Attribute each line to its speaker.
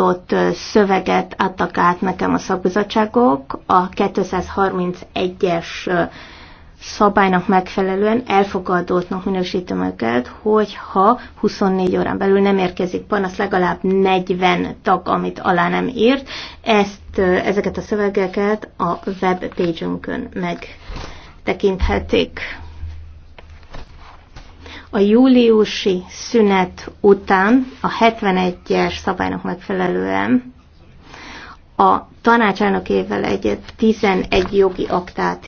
Speaker 1: módosított szöveget adtak át nekem a szakbizottságok a 231-es szabálynak megfelelően elfogadottnak minősítöm őket, hogyha 24 órán belül nem érkezik panasz, legalább 40 tag, amit alá nem írt. Ezt, ezeket a szövegeket a webpage-ünkön megtekinthetik. A júliusi szünet után a 71-es szabálynak megfelelően a tanácselnökével egyet 11 jogi
Speaker 2: aktát